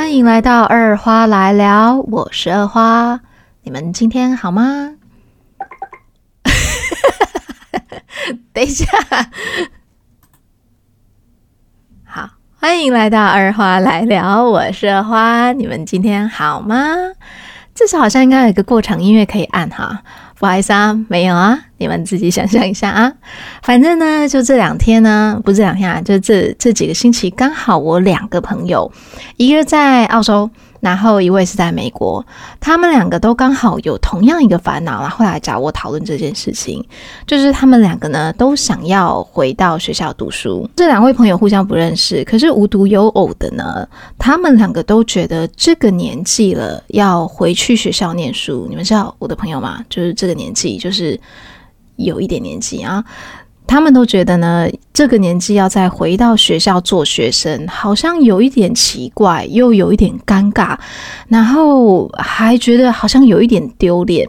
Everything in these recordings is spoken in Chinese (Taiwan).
歡迎來到二花來聊，我是二花，你們今天好嗎？ 等一下，好，歡迎來到二花來聊，我是二花，你們今天好嗎？這是好像應該有一個過場音樂可以按哈，不好意思啊，沒有啊，你們自己想象一下啊。反正呢，就這兩天呢啊，不是兩天啊，就這這幾個星期，剛好我兩個朋友，一個在澳洲。然後一位是在美國，他們兩個都剛好有同樣一個煩惱，然後來找我討論這件事情。就是他們兩個呢都想要回到學校讀書。這兩位朋友互相不認識，可是無獨有偶的呢，他們兩個都覺得這個年紀了要回去學校念書。你們知道我的朋友嗎？就是這個年紀，就是有一點年紀啊。他們都覺得呢，這個年紀要再回到學校做學生，好像有一點奇怪，又有一點尷尬，然後還覺得好像有一點丟臉，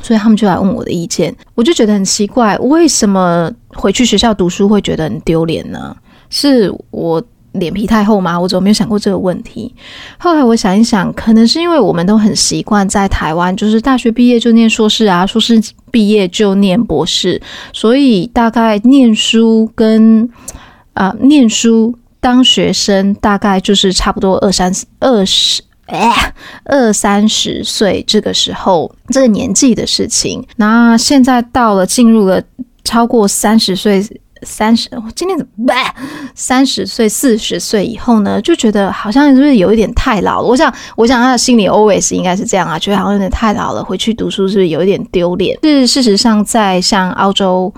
所以他們就來問我的意見。我就覺得很奇怪，為什麼回去學校讀書會覺得很丟臉呢？是我，臉皮太厚嗎？我怎麼沒有想過這個問題？後來我想一想，可能是因為我們都很習慣在台灣，就是大學畢業就念碩士啊，碩士畢業就念博士，所以大概念書跟啊、呃、念書當學生，大概就是差不多二三二十，哎、二三十歲這個時候這個年紀的事情。那現在到了進入了超過三十歲。三十，30，我今年怎麼辦？三十歲、四十歲以後呢，就覺得好像是不是有一點太老了？我想，我想他的心理 always 應該是這樣啊，覺得好像有點太老了，回去讀書是不是有一點丟臉？是，事實上，在像澳洲、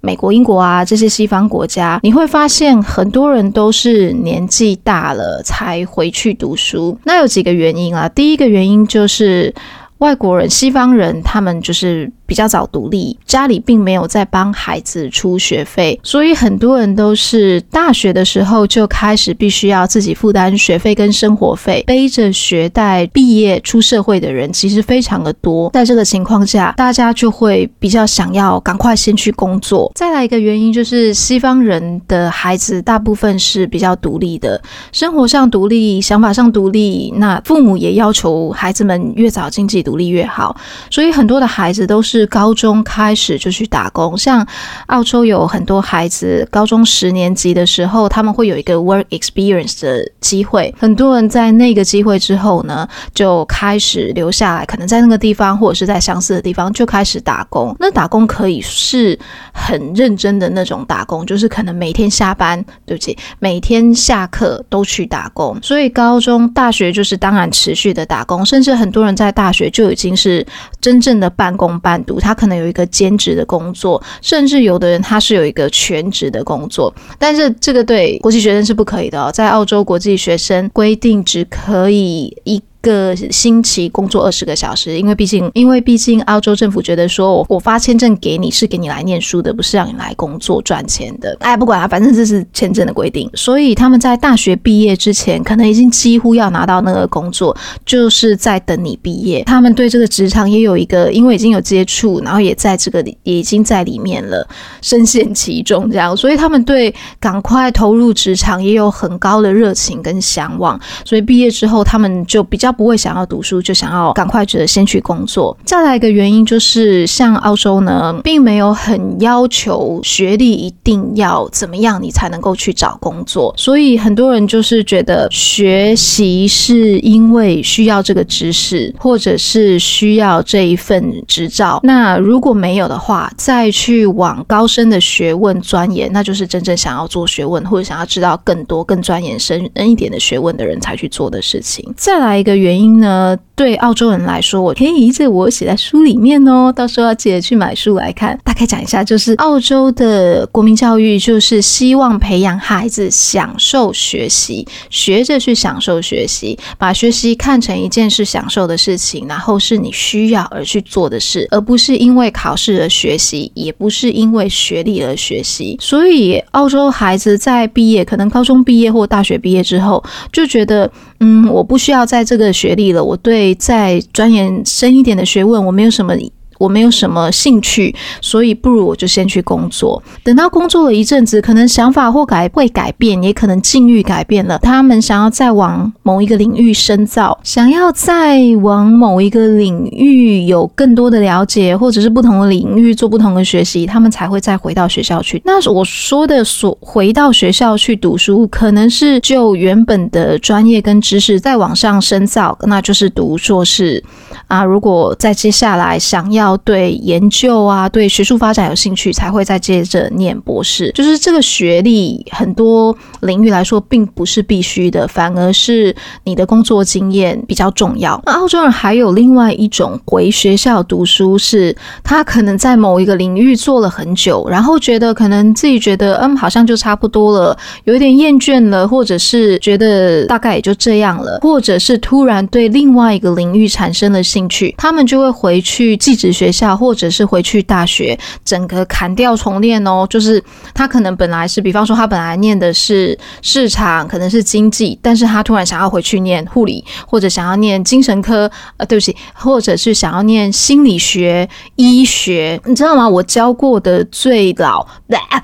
美國、英國啊這些西方國家，你會發現很多人都是年紀大了才回去讀書。那有幾個原因啊？第一個原因就是外國人、西方人，他們就是。比較早獨立，家裡並沒有在幫孩子出學費，所以很多人都是大學的時候就開始必須要自己負擔學費跟生活費，背着學貸畢業出社會的人其實非常的多。在這個情況下，大家就會比較想要趕快先去工作。再來一個原因就是，西方人的孩子大部分是比較獨立的，生活上獨立，想法上獨立，那父母也要求孩子們越早經濟獨立越好，所以很多的孩子都是。是高中開始就去打工，像澳洲有很多孩子，高中十年級的時候，他們會有一個 work experience 的機會，很多人在那個機會之後呢，就開始留下來，可能在那個地方或者是在相似的地方就開始打工。那打工可以是很認真的那種打工，就是可能每天下班，對不起，每天下課都去打工。所以高中、大學就是當然持續的打工，甚至很多人在大學就已經是真正的半工半，讀。他可能有一個兼職的工作，甚至有的人他是有一個全職的工作，但是這個對國際學生是不可以的哦，在澳洲國際學生規定只可以一。一個星期工作二十個小時，因為畢竟，因為畢竟，澳洲政府覺得說，我我發簽證給你是給你來念書的，不是讓你來工作賺錢的。哎，不管了啊，反正這是簽證的規定。所以他們在大學畢業之前，可能已經幾乎要拿到那個工作，就是在等你畢業。他們對這個職場也有一個，因為已經有接觸，然後也在這個裡也已經在裡面了，深陷其中這樣。所以他們對趕快投入職場也有很高的熱情跟向往。所以畢業之後，他們就比較。不會想要讀書，就想要趕快覺得先去工作。再來一個原因就是，像澳洲呢，並沒有很要求學歷一定要怎麼樣，你才能夠去找工作。所以很多人就是覺得學習是因為需要這個知識，或者是需要這一份執照。那如果沒有的話，再去往高深的學問鑽研，那就是真正想要做學問，或者想要知道更多、更鑽研深一點的學問的人才去做的事情。再來一個原因。原因呢？對澳洲人來說，我可以一字我寫在書裡面哦、喔，到時候要記得去買書來看。大概講一下，就是澳洲的國民教育就是希望培養孩子享受學習，學着去享受學習，把學習看成一件事享受的事情，然後是你需要而去做的事，而不是因為考試而學習，也不是因為學歷而學習。所以澳洲孩子在畢業，可能高中畢業或大學畢業之後，就覺得，嗯，我不需要在這個學歷了，我對。再鑽研深一點的學問，我沒有什麼我沒有什麼興趣，所以不如我就先去工作。等到工作了一陣子，可能想法或改會改變，也可能境遇改變了。他們想要再往某一個領域深造，想要再往某一個領域有更多的了解，或者是不同的領域做不同的學習，他們才會再回到學校去。那我說的所回到學校去讀書，可能是就原本的專業跟知識再往上深造，那就是讀碩士啊。如果在接下來想要要對研究啊，對學術發展有興趣，才會再接着唸博士。就是這個學歷，很多領域來說並不是必須的，反而是你的工作經驗比較重要。那澳洲人還有另外一種回學校讀書是，是他可能在某一個領域做了很久，然後覺得可能自己覺得嗯，好像就差不多了，有一點厭倦了，或者是覺得大概也就這樣了，或者是突然對另外一個領域產生了興趣，他們就會回去繼續。學校，或者是回去大學，整個砍掉重練哦。就是他可能本來是，比方說他本來念的是市場，可能是經濟，但是他突然想要回去念護理，或者想要念精神科，呃，對不起，或者是想要念心理學、醫學，你知道嗎？我教過的最老的，對，啊，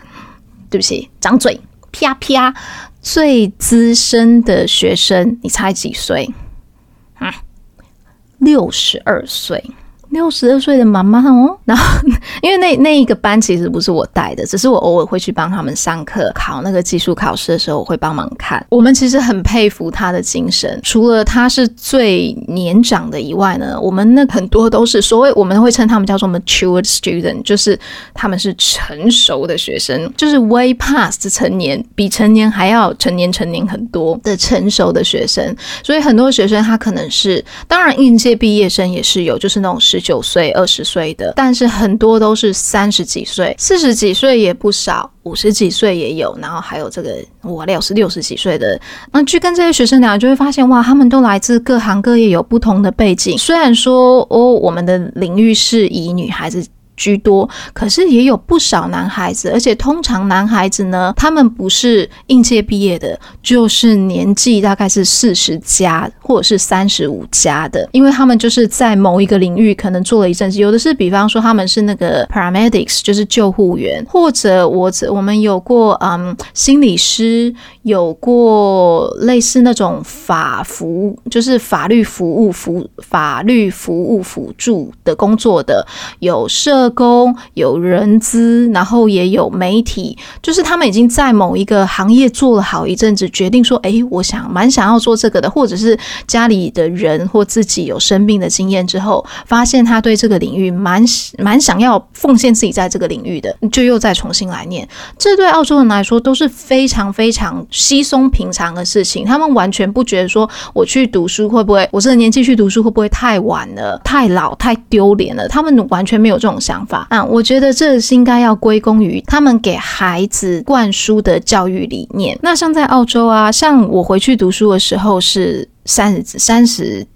對不起，掌嘴啪啪，最資深的學生，你猜幾歲？啊，六十二歲。六十二歲的媽媽哦，然後因為那那一個班其實不是我帶的，只是我偶爾會去幫他們上課。考那個技術考試的時候，我會幫忙看。我們其實很佩服他的精神，除了他是最年長的以外呢，我們那很多都是所謂我們會稱他們叫做 mature student，就是他們是成熟的學生，就是 way past 成年，比成年還要成年成年很多的成熟的學生。所以很多的學生他可能是，當然應屆畢業生也是有，就是那種是。九歲、二十歲的，但是很多都是三十幾歲、四十幾歲也不少，五十幾歲也有，然後還有這個我六十六十幾歲的。那去跟這些學生聊，就會發現哇，他們都來自各行各業，有不同的背景。雖然說哦，我們的領域是以女孩子居多，可是也有不少男孩子，而且通常男孩子呢，他們不是應屆畢業的，就是年紀大概是四十加或者是三十五加的，因為他們就是在某一個領域可能做了一陣子，有的是比方說他們是那個 paramedics，就是救護員，或者我我們有過嗯、心理師，有過類似那種法服，就是法律服務服，法律服務輔助的工作的，有社。工有人資，然後也有媒體，就是他們已經在某一個行業做了好一陣子，決定說，哎、欸，我想蠻想要做這個的，或者是家裡的人或自己有生病的經驗之後，發現他對這個領域蠻蠻想要奉獻自己在這個領域的，就又再重新來念。這對澳洲人來說都是非常非常稀鬆平常的事情，他們完全不覺得說我去讀書會不會，我這個年紀去讀書會不會太晚了、太老、太丟臉了，他們完全沒有這種想法。啊，我覺得這是應該要歸功於他們給孩子灌輸的教育理念。那像在澳洲啊，像我回去讀書的時候是三十三十。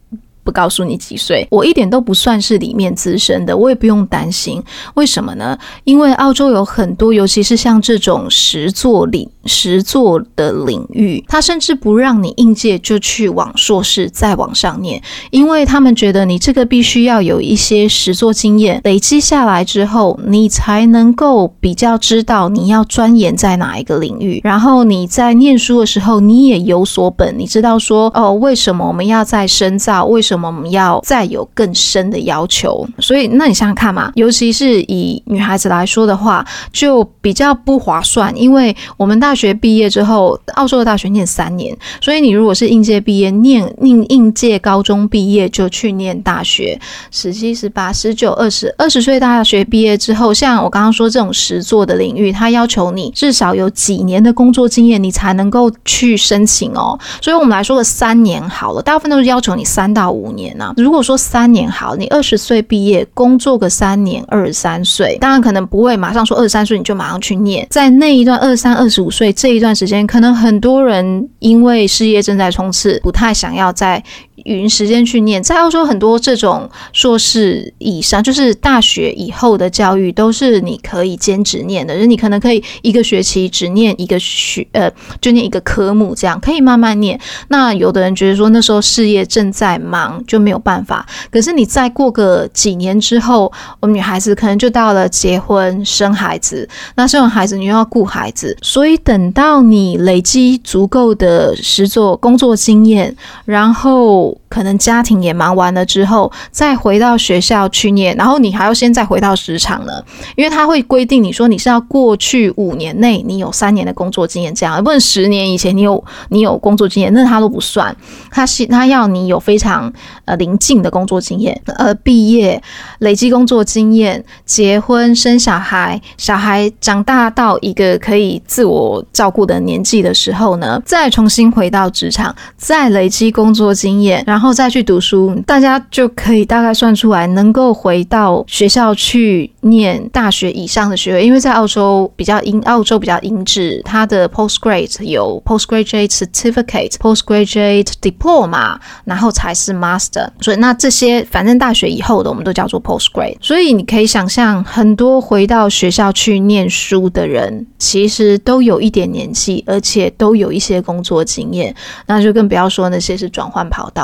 不告訴你幾歲，我一點都不算是裡面資深的，我也不用擔心。為什麼呢？因為澳洲有很多，尤其是像這種實作領實作的領域，他甚至不讓你應屆就去往碩士再往上念，因為他們覺得你這個必須要有一些實作經驗累積下來之後，你才能夠比較知道你要鑽研在哪一個領域。然後你在念書的時候，你也有所本，你知道說哦，為什麼我們要再深造？為什麼？怎麼我們要再有更深的要求，所以那你想想看嘛，尤其是以女孩子來說的話，就比較不划算。因為我們大學畢業之後，澳洲的大學念三年，所以你如果是應屆畢業念應應屆高中畢業就去念大學，十七、十八、十九、二十二十歲大學畢業之後，像我剛剛說這種實作的領域，它要求你至少有幾年的工作經驗，你才能夠去申請哦。所以我們來說個三年好了，大部分都是要求你三到五。五年呢，如果說三年好，你二十歲畢業，工作個三年，二十三歲，當然可能不會馬上說二十三歲，你就馬上去念，在那一段二三二十五歲這一段時間，可能很多人因為事業正在衝刺，不太想要在。語音時間去念。在澳洲很多這種碩士以上，就是大學以後的教育都是你可以兼職念的，就是、你可能可以一個學期只念一個學，呃，就念一個科目，這樣可以慢慢念。那有的人覺得說那時候事業正在忙就沒有辦法，可是你再過個幾年之後，我們女孩子可能就到了結婚生孩子，那生完孩子你又要顧孩子，所以等到你累積足夠的實作工作經驗，然後。可能家庭也忙完了之後，再回到學校去念，然後你還要先再回到職場呢，因為他會規定你說，你是要過去五年內你有三年的工作經驗這樣，不然十年以前你有你有工作經驗那他都不算，他是他要你有非常呃臨近的工作經驗。呃畢業累積工作經驗，結婚生小孩，小孩長大到一個可以自我照顧的年紀的時候呢，再重新回到職場，再累積工作經驗。然後再去讀書，大家就可以大概算出來，能夠回到學校去念大學以上的學位，因為在澳洲比較英，澳洲比較英式，它的 postgrad 有 postgraduate certificate、postgraduate diploma，然後才是 master，所以那這些反正大學以後的我們都叫做 postgrad，所以你可以想象，很多回到學校去念書的人，其實都有一點年紀，而且都有一些工作經驗，那就更不要說那些是轉換跑道。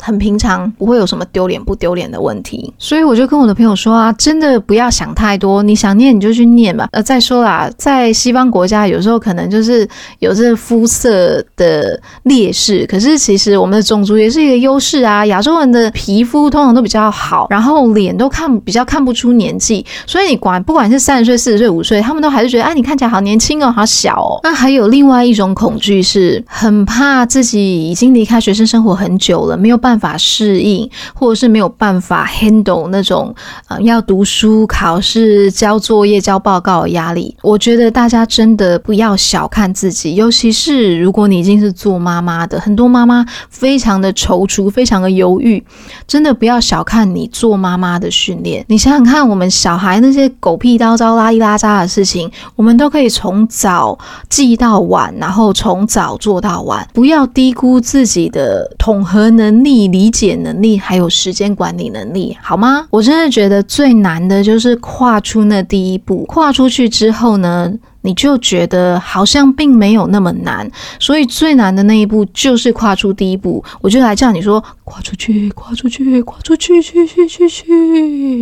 很平常，不會有什麼丟臉不丟臉的問題，所以我就跟我的朋友說啊，真的不要想太多，你想念你就去念吧。呃，再說啦，在西方國家，有時候可能就是有這膚色的劣勢，可是其實我們的種族也是一個優勢啊。亞洲人的皮膚通常都比較好，然後臉都看比較看不出年紀，所以你不管不管是三十歲、四十歲、五十歲，他們都還是覺得哎，你看起來好年輕哦，好小哦。那還有另外一種恐懼是很怕自己已經離開學生生活很久了，沒有。辦法適應，或者是沒有辦法 handle 那種、呃、要讀書、考試、交作業、交報告的壓力。我覺得大家真的不要小看自己，尤其是如果你已經是做媽媽的，很多媽媽非常的躊躇，非常的猶豫。真的不要小看你做媽媽的訓練。你想想看，我們小孩那些狗屁倒灶，拉哩拉雜的事情，我們都可以從早記到晚，然後從早做到晚。不要低估自己的統合能力。你理解能力還有時間管理能力好嗎？我真的覺得最難的就是跨出那第一步，跨出去之後呢，你就覺得好像並沒有那麼難，所以最難的那一步就是跨出第一步。我就來叫你說，跨出去，跨出去，跨出去，去去去去，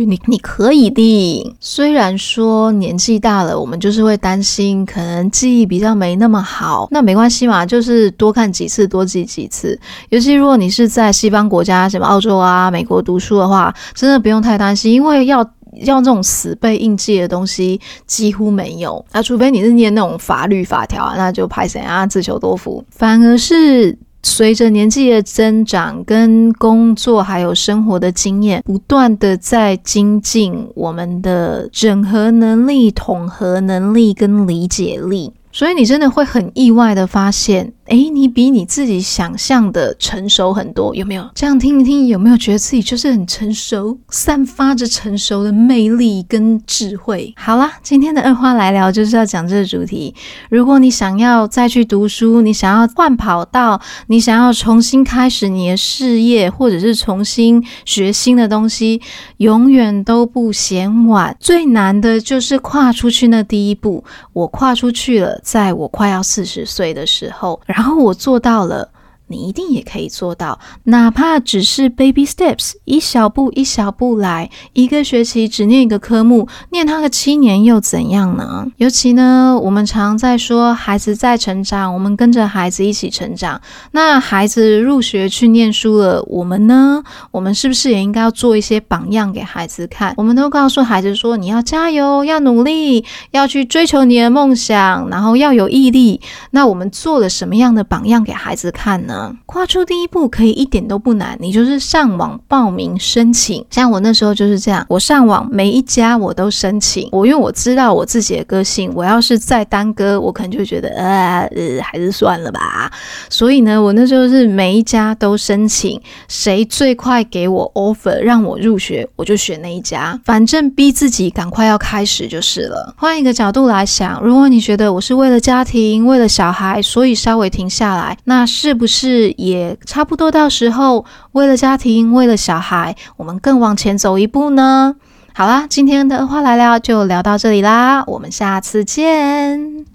你你可以的。雖然說年紀大了，我們就是會擔心，可能記憶比較沒那麼好。那沒關係嘛，就是多看幾次，多記幾次。尤其如果你是在西方國家，什麼澳洲啊、美國讀書的話，真的不用太擔心，因為要。要那種死背硬記的東西幾乎沒有，那、啊、除非你是念那種法律法條啊，那就拍謝啊，自求多福。反而是隨着年紀的增長，跟工作還有生活的經驗，不斷的在精進我們的整合能力、統合能力跟理解力，所以你真的會很意外的發現。哎，你比你自己想象的成熟很多，有沒有？這樣聽一聽，有沒有覺得自己就是很成熟，散發着成熟的魅力跟智慧？好啦，今天的二話來聊就是要講這個主題。如果你想要再去讀書，你想要換跑道，你想要重新開始你的事業，或者是重新學新的東西，永遠都不嫌晚。最難的就是跨出去那第一步。我跨出去了，在我快要四十歲的時候。然後我做到了。你一定也可以做到，哪怕只是 baby steps，一小步一小步來。一個學期只念一個科目，念它個七年又怎樣呢？尤其呢，我們常在說孩子在成長，我們跟着孩子一起成長。那孩子入學去念書了，我們呢？我們是不是也應該要做一些榜樣給孩子看？我們都告訴孩子說，你要加油，要努力，要去追求你的夢想，然後要有毅力。那我們做了什麼樣的榜樣給孩子看呢？跨出第一步可以一點都不難，你就是上網報名申請。像我那時候就是這樣，我上網每一家我都申請。我因為我知道我自己的個性，我要是再耽擱，我可能就覺得呃，呃，還是算了吧。所以呢，我那時候是每一家都申請，誰最快給我 offer 讓我入學，我就選那一家。反正逼自己趕快要開始就是了。換一個角度來想，如果你覺得我是為了家庭、為了小孩，所以稍微停下來，那是不是？是也差不多，到時候為了家庭，為了小孩，我們更往前走一步呢。好啦，今天的話來聊就聊到這裡啦，我們下次見。